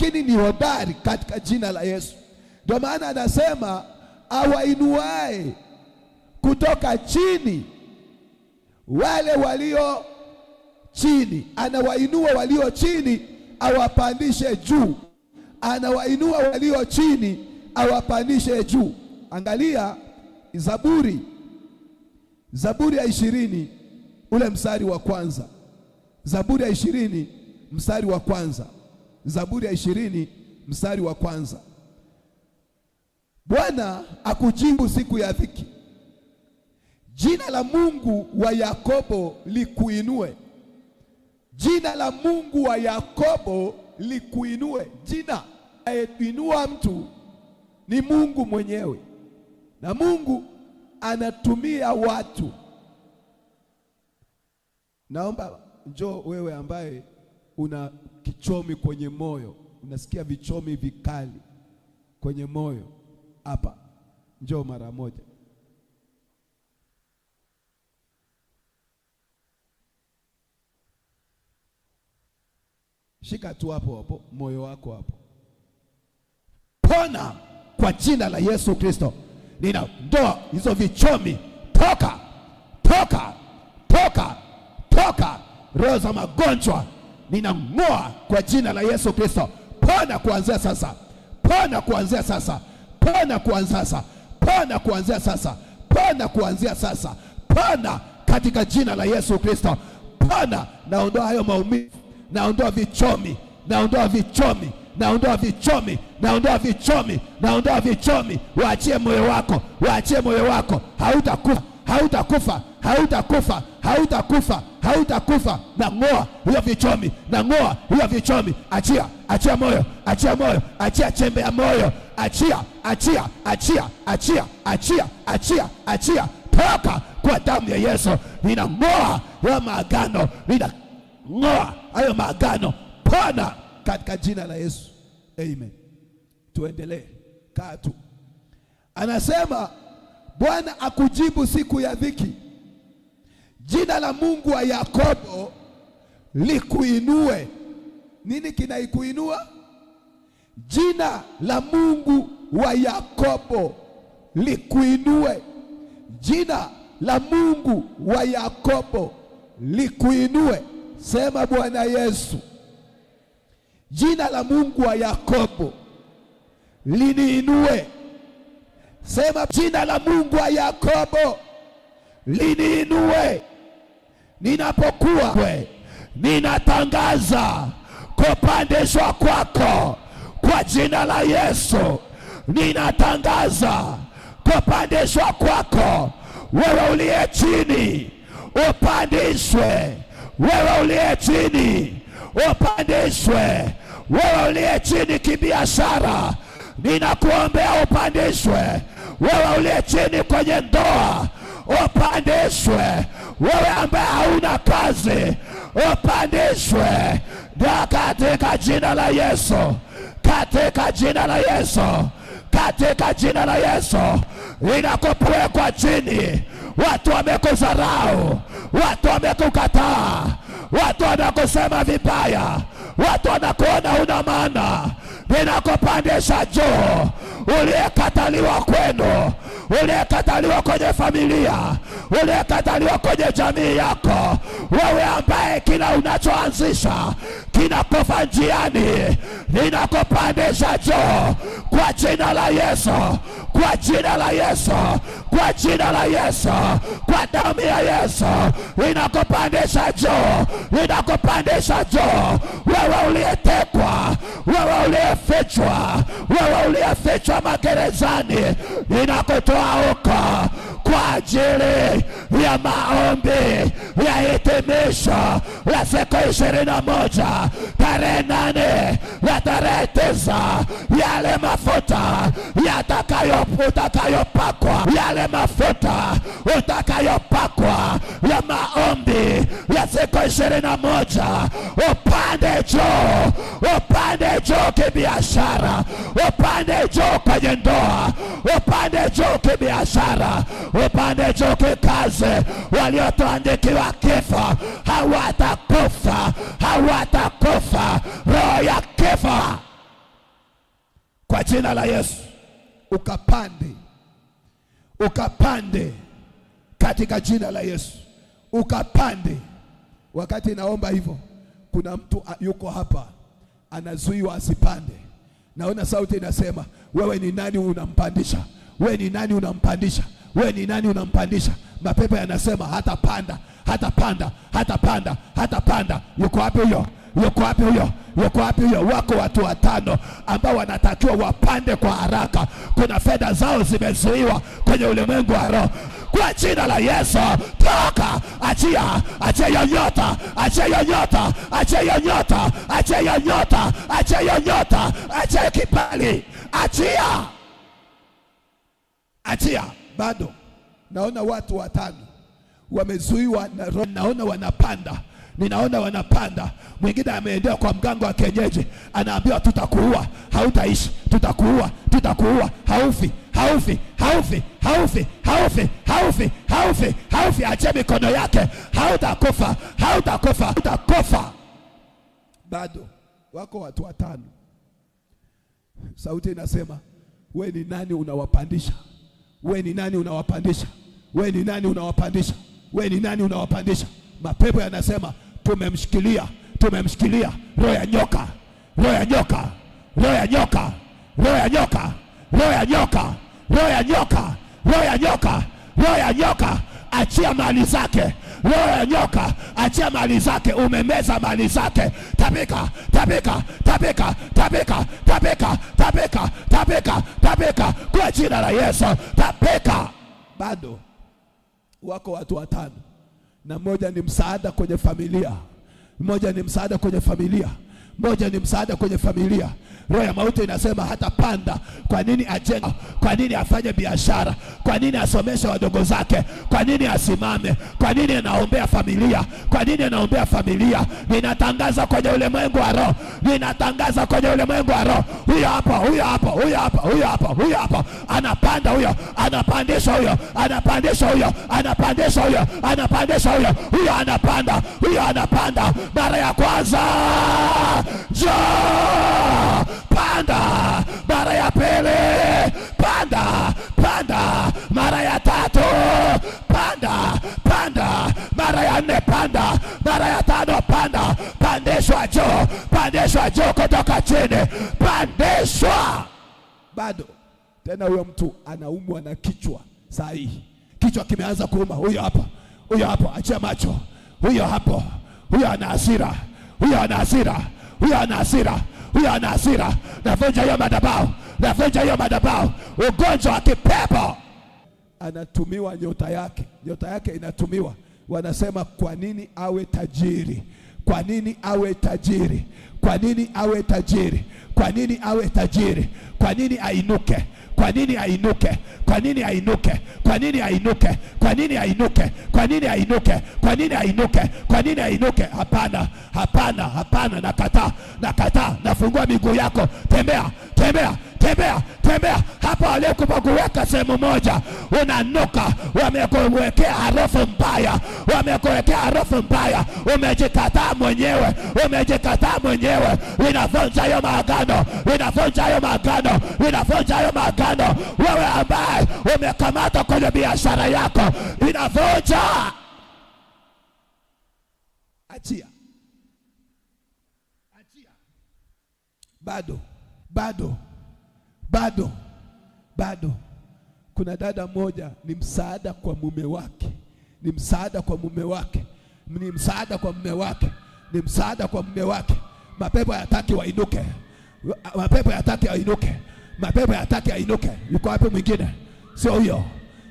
lakini ni hodari katika jina la Yesu. Ndio maana anasema awainuae kutoka chini wale walio chini, anawainua walio chini awapandishe juu, anawainua walio chini awapandishe juu. Angalia Zaburi, Zaburi ya ishirini ule mstari wa kwanza, Zaburi ya ishirini mstari wa kwanza. Zaburi ya ishirini mstari wa kwanza. Bwana akujibu siku ya dhiki, jina la Mungu wa Yakobo likuinue, jina la Mungu wa Yakobo likuinue. Jina ayeinua mtu ni Mungu mwenyewe, na Mungu anatumia watu. Naomba njoo wewe ambaye una kichomi kwenye moyo, unasikia vichomi vikali kwenye moyo hapa, njoo mara moja. Shika tu hapo hapo, moyo wako hapo, pona kwa jina la Yesu Kristo. nina ndoa hizo vichomi, toka toka toka toka, roho za magonjwa ninangoa kwa jina la Yesu Kristo. Pona kuanzia sasa, pona kuanzia sasa, pona kuanzia sasa, pona kuanzia sasa, pona kuanzia sasa, pona katika jina la Yesu Kristo. Pona, naondoa hayo maumivu, naondoa vichomi, naondoa vichomi naondoa vichomi, naondoa vichomi, naondoa vichomi. Waachie moyo wako, waachie moyo wako. Hautakufa, hautakufa, hautakufa, hautakufa hautakufa. Na ng'oa huyo vichomi, na ng'oa hiyo vichomi. Achia, achia moyo, achia moyo, achia chembe ya moyo, achia, achia, achia, achia, achia, achia, achia. Toka kwa damu ya Yesu, ninang'oa hayo maagano, ng'oa hayo maagano. Pona katika jina la Yesu, amen. Tuendelee katu, anasema Bwana akujibu siku ya dhiki Jina la Mungu wa Yakobo likuinue. Nini kinaikuinua? Jina la Mungu wa Yakobo likuinue. Jina la Mungu wa Yakobo likuinue. Sema Bwana Yesu, jina la Mungu wa Yakobo liniinue. Sema jina la Mungu wa Yakobo liniinue ninapokuwa kwe ninatangaza kupandishwa kwako kwa jina la Yesu, ninatangaza kupandishwa kwako, wewe uliye chini upandishwe, wewe uliye chini upandishwe, wewe uliye chini kibiashara, ninakuombea upandishwe, wewe uliye chini kwenye ndoa upandishwe wewe ambaye hauna kazi upandishwe da katika jina la Yesu, katika jina la Yesu, katika jina la Yesu. Inakopowekwa chini, watu wamekudharau, watu wamekukataa, watu wanakusema vibaya, watu wanakuona una maana, ninakopandisha juu uliyekataliwa kwenu, uliyekataliwa kwenye familia, uliyekataliwa kwenye jamii yako, wewe ambaye kila unachoanzisha kinakufa njiani, ninakupandisha juu kwa jina la Yesu, kwa jina la Yesu, kwa jina la Yesu, kwa damu ya Yesu, ninakupandisha juu, ninakupandisha juu, wewe uliyetekwa, wewe uliyefichwa, wewe umefichwa gerezani, ninakutoa huko kwa ajili ya maombi ya hitimisho la siku ishirini na moja tarehe nane na tarehe tisa yale mafuta utakayopakwa yale mafuta utakayopakwa ya maombi ya siku ishirini na moja upande juu upande juu kibiashara kwenye ndoa, upande juu kibiashara, upande juu kikazi. Waliotoandikiwa kifo hawatakufa, hawatakufa roho ya kifo kwa jina la Yesu. Ukapande, ukapande katika jina la Yesu, ukapande. Wakati naomba hivyo, kuna mtu yuko hapa anazuiwa asipande Naona sauti inasema, wewe ni nani unampandisha? Wewe ni nani unampandisha? Wewe ni nani unampandisha? Mapepo yanasema hata panda, hata panda, hata panda, hata panda. Yuko wapi huyo? Yuko wapi huyo? Yuko wapi huyo? Wako watu watano ambao wanatakiwa wapande kwa haraka. Kuna fedha zao zimezuiwa kwenye ulimwengu wa roho kwa jina la Yesu. Toka, achia, achia hiyo nyota, achia hiyo nyota, achia hiyo nyota, achia hiyo nyota, achia hiyo nyota, achia kibali, achia, achia. Bado naona watu watano wamezuiwa na roho, naona wanapanda ninaona wanapanda. Mwingine ameendea kwa mganga wa kienyeji, anaambiwa tutakuua, hautaishi, tutakuua, tutakuua, haufi, haufi, haufi, haufi, haufi, haufi, haufi, haufi, achie mikono yake, hautakufa, hautakufa, hautakufa. Bado wako watu watano, sauti inasema we ni nani unawapandisha? We ni nani unawapandisha? We ni nani unawapandisha? We ni nani unawapandisha? Mapepo yanasema tumemshikilia, tumemshikilia roho ya nyoka, roho ya nyoka, roho ya nyoka, roho ya nyoka, roho ya nyoka, roho ya nyoka, roho ya nyoka, roho ya nyoka, achia mali zake roho ya nyoka achia mali zake, umemeza mali zake. Tabika, tabika, tabika, tabika, tabika, tabika, tabika, tabika kwa jina la Yesu, tabika. Bado wako watu watano na moja ni msaada kwenye familia, moja ni msaada kwenye familia. Moja ni msaada kwenye familia. Roho ya mauti inasema panda, Kwa nini ajenge? Kwa nini afanye biashara? Kwa nini asomeshe wadogo zake? Kwa nini asimame? Kwa nini anaombea familia? Kwa nini anaombea familia? Ninatangaza kwenye ulimwengu wa roho, ninatangaza kwenye ulimwengu wa roho, huyo hapa, huyo hapa, huyo hapa, huyo hapa, huyo hapa, anapanda huyo, anapandisha huyo, anapandisha huyo, anapandisha huyo, anapandisha huyo, huyo anapanda, huyo anapanda, mara ya kwanza njoo, panda mara ya pili, panda panda mara ya tatu, panda panda mara ya nne, panda mara ya tano, panda, pandeshwa joo pandeshwa joo kutoka chini, pandeshwa bado tena. Huyo mtu anaumwa na kichwa sahi kichwa kimeanza kuuma. Huyo hapa, huyo hapo, achia macho. Huyo hapo, huyo ana hasira, huyo ana hasira huyo ana hasira, huyo ana hasira. Navunja hiyo madhabahu, navunja hiyo madhabahu. Ugonjwa wa kipepo anatumiwa, nyota yake, nyota yake inatumiwa. Wanasema kwa nini awe tajiri? Kwa nini awe tajiri? Kwa nini awe tajiri? Kwa nini awe tajiri? Kwa nini ainuke? Kwa nini ainuke? Kwa nini ainuke? Kwa nini ainuke? Kwa nini ainuke? Kwa nini ainuke? Kwa nini ainuke? Kwa nini ainuke? Hapana, hapana, hapana! Nakataa, nakataa! Nafungua miguu yako, tembea, tembea tembea tembea. Hapa waliokupa kuweka sehemu moja unanuka, wamekuwekea harufu mbaya, wamekuwekea harufu mbaya. Umejikataa mwenyewe, umejikataa mwenyewe wewe, Ninavunja hiyo maagano, ninavunja hiyo maagano, ninavunja hiyo maagano. Wewe ambaye umekamata kwenye biashara yako, ninavunja achia, achia. Bado bado bado bado, kuna dada mmoja ni msaada kwa mume wake, ni msaada kwa mume wake, ni msaada kwa mume wake, ni msaada kwa mume wake mapepo yataki wainuke, mapepo yataki wainuke, mapepo yataki wainuke. Yuko wapi mwingine? Sio huyo,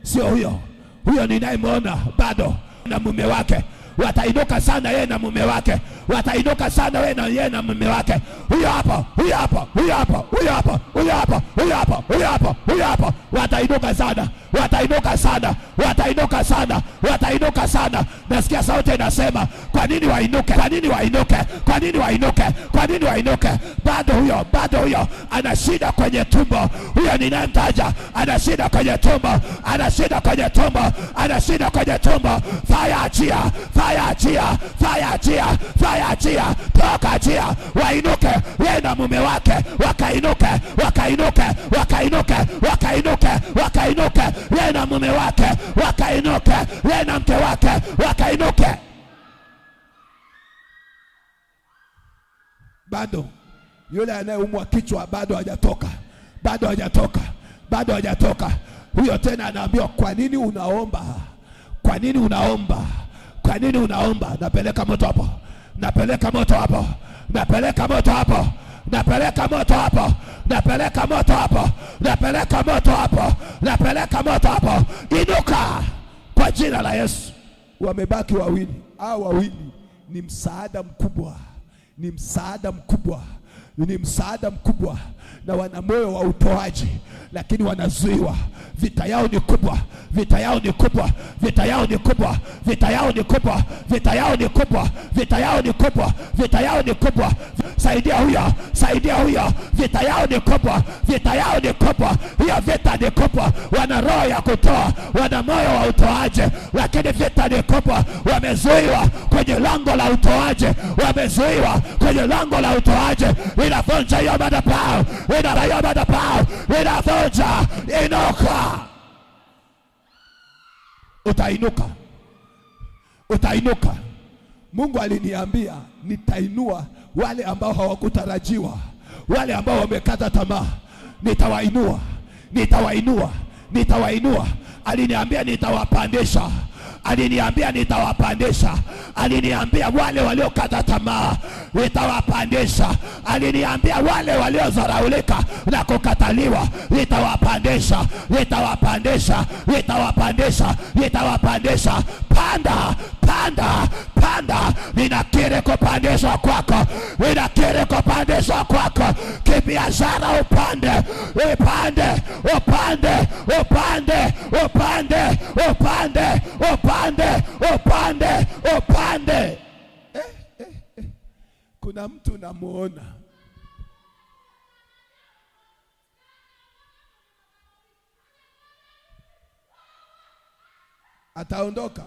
sio huyo. Huyo ninayemwona bado na mume wake watainuka sana, yeye na mume wake watainuka sana, wewe na yeye na mume wake. Huyo hapa, huyo hapa, huyo hapa, huyo hapa, huyo hapa, huyo hapa, huyo hapa, huyo hapa, watainuka sana, watainuka sana, watainuka sana, watainuka sana. Nasikia sauti inasema, kwa nini wainuke? Kwa nini wainuke? Kwa nini wainuke? Kwa nini wainuke? Bado huyo, bado huyo ana shida kwenye tumbo. Huyo ninamtaja ana shida kwenye tumbo, ana shida kwenye tumbo, ana shida kwenye tumbo. Fire achia, fire achia, fire achia, fire haya, toka njia, wainuke wewe na mume wake, wakainuke wakainuke wakainuke wakainuke wakainuke, wewe na mume wake, wakainuke wewe na mke wake, wakainuke. Bado yule anayeumwa kichwa bado hajatoka, bado hajatoka, bado hajatoka. Huyo tena anaambiwa, kwa nini unaomba? Kwa nini unaomba? Kwa nini unaomba? Napeleka moto hapo napeleka moto hapo, napeleka moto hapo, napeleka moto hapo, napeleka moto hapo, napeleka moto hapo, napeleka moto hapo, inuka kwa jina la Yesu. Wamebaki wawili, hao wawili ni msaada mkubwa, ni msaada mkubwa, ni msaada mkubwa na wana moyo wa utoaji, lakini wanazuiwa. Vita yao ni kubwa, vita yao ni kubwa, vita yao ni kubwa, vita yao ni kubwa, vita yao ni kubwa, vita yao ni kubwa, vita yao ni kubwa. Saidia huyo, saidia huyo, vita yao ni kubwa, vita yao ni kubwa. Hiyo vita ni kubwa, wana roho ya kutoa, wana moyo wa utoaji, lakini vita ni kubwa. Wamezuiwa kwenye lango la utoaji, wamezuiwa kwenye lango la utoaji. Inavunja hiyo madhabahu, inaraia madhabahu, inavunja. Inuka, utainuka, utainuka. Mungu aliniambia nitainua wale ambao hawakutarajiwa, wale ambao wamekata tamaa, nitawainua nitawainua, nitawainua. Aliniambia nitawapandisha aliniambia nitawapandisha, aliniambia wale waliokata tamaa nitawapandisha, aliniambia wale waliozaraulika na kukataliwa nitawapandisha, nitawapandisha, nitawapandisha, nitawapandisha. Panda, panda, panda. Ninakiri kupandishwa kwako, ninakiri kupandishwa kwako kibiashara. Upande, upande, upande, upande, upande, upande upande upande upande eh, eh, eh. Kuna mtu namuona ataondoka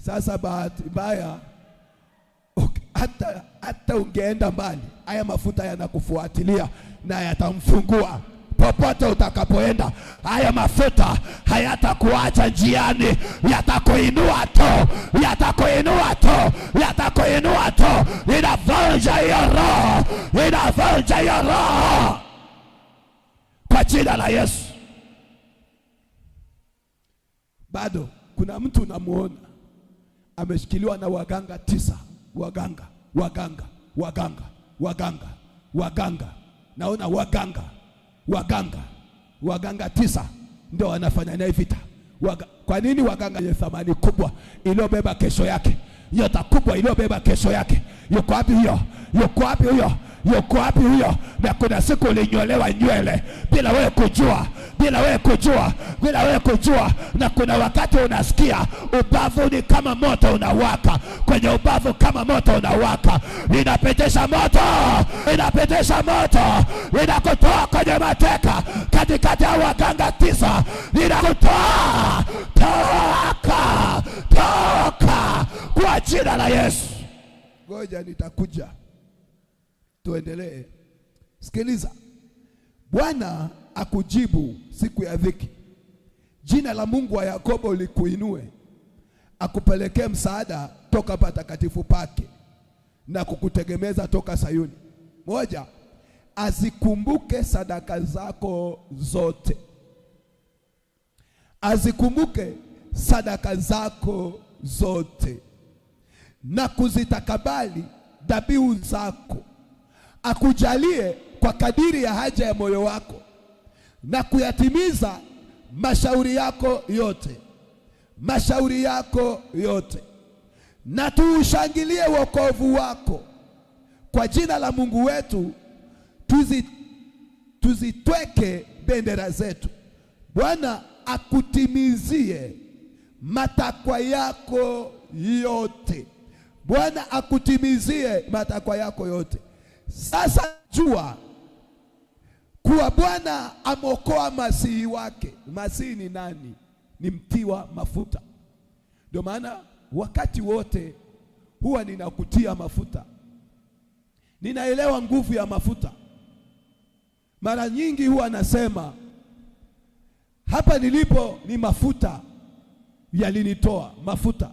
sasa. Bahati mbaya hata, hata ungeenda mbali, haya mafuta yanakufuatilia na yatamfungua popote utakapoenda, haya mafuta hayatakuacha njiani, yatakuinua to, yatakuinua to, yatakuinua to. Inavunja hiyo roho, inavunja hiyo roho kwa jina la Yesu. Bado kuna mtu unamwona ameshikiliwa na waganga tisa, waganga waganga waganga waganga waganga, naona waganga waganga waganga tisa ndio wanafanya naye vita Waga. Kwa nini waganga? Yenye thamani kubwa iliyobeba kesho yake, nyota kubwa iliyobeba kesho yake. Yuko wapi hiyo? Yuko wapi huyo? yuko wapi huyo? Na kuna siku ulinyolewa nywele bila wewe kujua, bila wewe kujua, bila wewe kujua. Na kuna wakati unasikia ubavuni kama moto unawaka, kwenye ubavu kama moto unawaka, ninapetesha moto, inapetesha moto, inakutoa kwenye mateka katikati ya waganga tisa, inakutoa toka, toka kwa jina la Yesu. Ngoja nitakuja. Tuendelee, sikiliza. Bwana akujibu siku ya dhiki, jina la Mungu wa Yakobo likuinue, akupelekee msaada toka patakatifu pake na kukutegemeza toka Sayuni. Moja, azikumbuke sadaka zako zote, azikumbuke sadaka zako zote na kuzitakabali dhabihu zako akujalie kwa kadiri ya haja ya moyo wako na kuyatimiza mashauri yako yote, mashauri yako yote, na tuushangilie wokovu wako kwa jina la Mungu wetu, tuzi tuzitweke bendera zetu. Bwana akutimizie matakwa yako yote, Bwana akutimizie matakwa yako yote. Sasa jua kuwa Bwana amokoa masihi wake. Masihi ni nani? Ni mtiwa mafuta. Ndio maana wakati wote huwa ninakutia mafuta, ninaelewa nguvu ya mafuta. Mara nyingi huwa nasema hapa nilipo ni mafuta yalinitoa, mafuta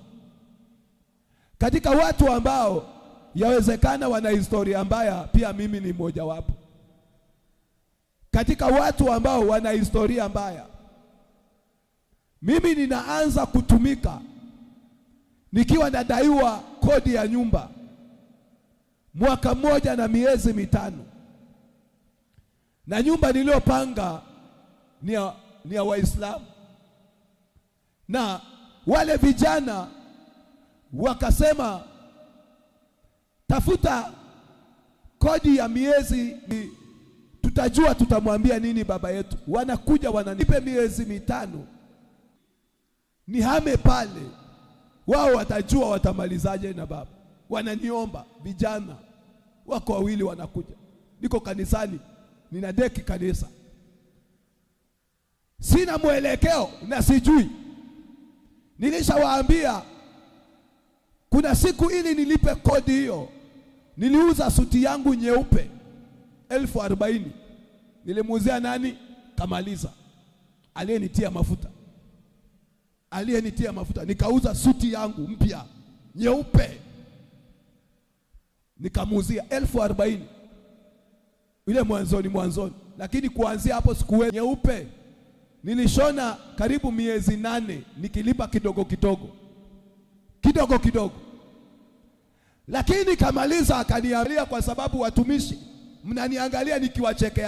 katika watu ambao Yawezekana wana historia mbaya, pia mimi ni mmojawapo katika watu ambao wana historia mbaya. Mimi ninaanza kutumika nikiwa nadaiwa kodi ya nyumba mwaka mmoja na miezi mitano, na nyumba niliyopanga ni ya Waislamu, na wale vijana wakasema Tafuta kodi ya miezi ni, tutajua tutamwambia nini baba yetu. Wanakuja wananipe miezi mitano nihame pale, wao watajua watamalizaje na baba. Wananiomba vijana wako wawili, wanakuja, niko kanisani, nina deki kanisa, sina mwelekeo na sijui. Nilishawaambia kuna siku ili nilipe kodi hiyo Niliuza suti yangu nyeupe elfu arobaini nilimuuzia nani? Kamaliza, aliyenitia mafuta, aliyenitia mafuta. Nikauza suti yangu mpya nyeupe nikamuuzia elfu arobaini ile mwanzoni mwanzoni, lakini kuanzia hapo sikuwe nyeupe. Nilishona karibu miezi nane nikilipa kidogo kidogo kidogo kidogo lakini kamaliza akaniambia, kwa sababu watumishi mnaniangalia nikiwachekea